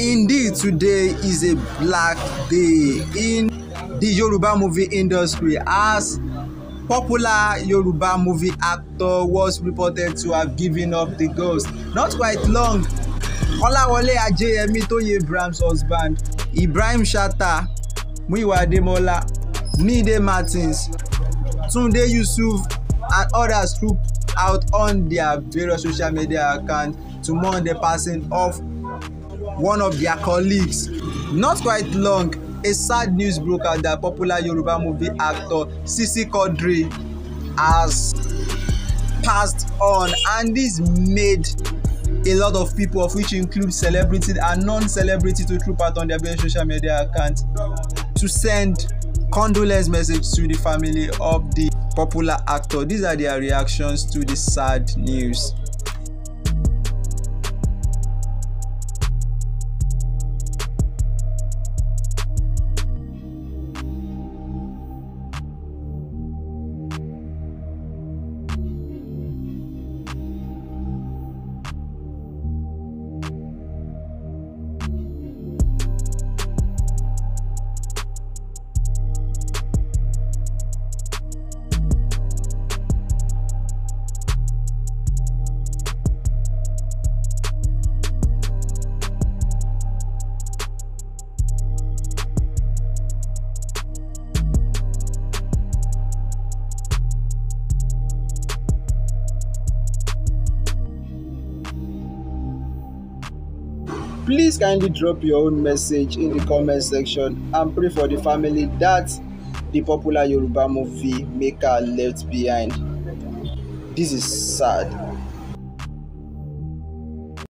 Indeed, today is a black day in the Yoruba movie industry as popular Yoruba movie actor was reported to have given up the ghost. Not quite long, Kolawole Ajeyemi, Toye Ibrahim's husband, Ibrahim Shatta, Muyiwa Ademola, Nide Martins, Tunde Yusuf, and others trooped out on their various social media accounts to mourn the passing of one of their colleagues. Not quite long, a sad news broke out that popular Yoruba movie actor Sisi Quadri has passed on and this made a lot of people of which include celebrities and non-celebrities to troop out on their social media accounts to send condolence message to the family of the popular actor these are their reactions to the sad news. Please kindly drop your own message in the comment section and pray for the family that the popular Yoruba movie maker left behind. This is sad.